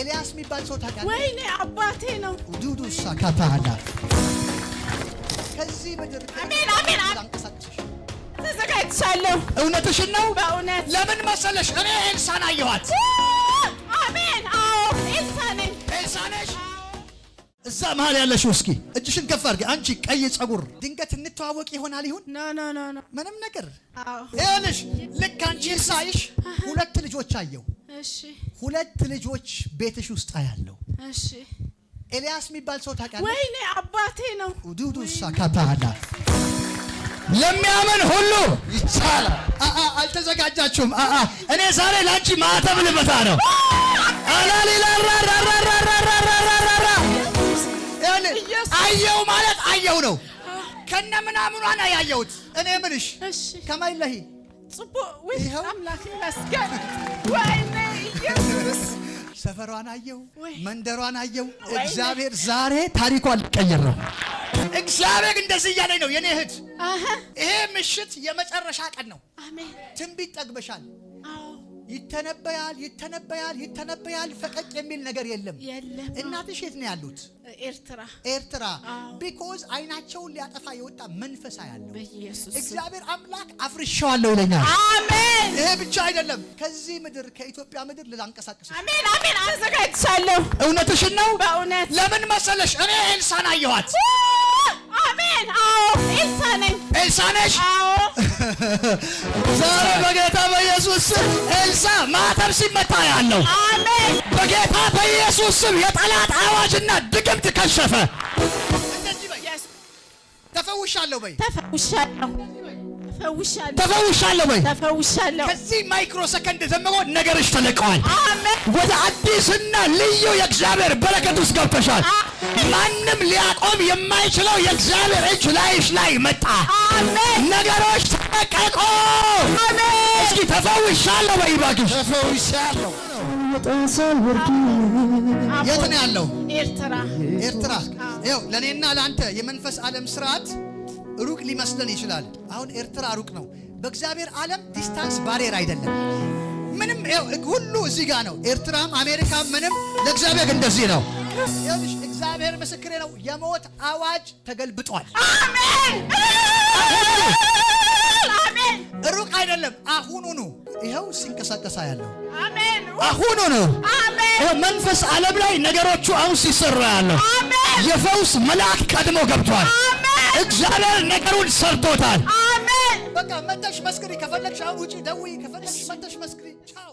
ኤልያስ የሚባል ሰው ታውቃለህ? ወይኔ አባቴ ነው። ዱዱሳ ካታላ ከዚህ ምድር አሜን ተዘጋጅቻለሁ። እውነትሽን ነው። በእውነት ለምን መሰለሽ? እኔ ኤልሳን አየኋት። አሜን። አዎ ኤልሳ ነኝ። እዛ መሀል ያለሽው እስኪ እጅሽን ከፍ አድርጊ። አንቺ ቀይ ጸጉር ድንገት እንተዋወቅ ይሆናል። ይሁን ምንም ነገር ይኸውልሽ፣ ልክ አንቺን ሳይሽ ሁለት ልጆች አየሁ ሁለት ልጆች ቤትሽ ውስጥ አያለው። ኤልያስ የሚባል ሰው ታውቂያለሽ? ወይኔ አባቴ ነው። ዱዱሳ ካታላ ለሚያምን ሁሉ ይቻላል። አልተዘጋጃችሁም? እኔ ዛሬ ላንቺ ማተብ ልመታ ነው። አየው ማለት አየው ነው። ከነ ምናምኗን ያየሁት እኔ ምንሽ ከማይለሂ ጽቡቅ ወይ አምላክ ይመስገን። ወይኔ ኢየሱስ ሰፈሯን አየሁ፣ መንደሯን አየሁ። እግዚአብሔር ዛሬ ታሪኳ ሊቀየር ነው። እግዚአብሔር እንደዚህ እያለኝ ነው የኔ እህት፣ ይሄ ምሽት የመጨረሻ ቀን ነው። ትንቢት ጠግበሻል። ይተነበያል ይተነበያል ይተነበያል። ፈቀቅ የሚል ነገር የለም። እናትሽ የት ነው ያሉት? ኤርትራ ኤርትራ። ቢኮዝ አይናቸውን ሊያጠፋ የወጣ መንፈሳ ያለው እግዚአብሔር አምላክ አፍርሻዋለሁ ይለኛል። አሜን። ይሄ ብቻ አይደለም። ከዚህ ምድር ከኢትዮጵያ ምድር ልላንቀሳቀስ። አሜን፣ አሜን። አዘጋጅቻለሁ። እውነትሽን ነው። በእውነት ለምን መሰለሽ እኔ ኤልሳን አየኋት። አሜን። አዎ ኤልሳ ነኝ። ኤልሳ ነሽ። አዎ ዛሬ በጌታ በኢየሱስ ስም ኤልሳ ማተብ ሲመታ ያለው አሜን። በጌታ በኢየሱስ ስም የጠላት አዋጅና ድግምት ከሸፈ። ተፈውሻለሁ በይ፣ ተፈውሻለሁ ተፈውሻለሁ በይ። ከዚህ ማይክሮ ሰከንድ ጀምሮ ነገርሽ ተለቀዋል። ወደ አዲስና ልዩ የእግዚአብሔር በረከት ውስጥ ገብተሻል። ማንም ሊያቆም የማይችለው የእግዚአብሔር እጅ ላይሽ ላይ መጣ ነገሮች ተለቀቁ። እስኪ ተፈውሻለሁ፣ ተፈውሻለሁ። የት ነው ያለው? ኤርትራ ይኸው ለእኔና ለአንተ የመንፈስ ዓለም ስርዓት ሩቅ ሊመስለን ይችላል። አሁን ኤርትራ ሩቅ ነው። በእግዚአብሔር ዓለም ዲስታንስ ባሪየር አይደለም። ምንም ሁሉ እዚህ ጋር ነው። ኤርትራም አሜሪካም ምንም ለእግዚአብሔር እንደዚህ ነው። እግዚአብሔር ምስክሬ ነው። የሞት አዋጅ ተገልብጧል። አሜን ሩቅ አይደለም። አሁኑኑ ይኸው ሲንቀሳቀሳ ያለው አሜን። አሁኑኑ መንፈስ ዓለም ላይ ነገሮቹ አሁን ሲሰራ ያለው የፈውስ መልአክ ቀድሞ ገብቷል። እግዚአብሔር ነገሩን ሰርቶታል። በቃ መተሽ መስክሪ፣ ከፈለግሽ አሁን ውጪ ደውይ፣ ከፈለግሽ መተሽ መስክሪ። ቻው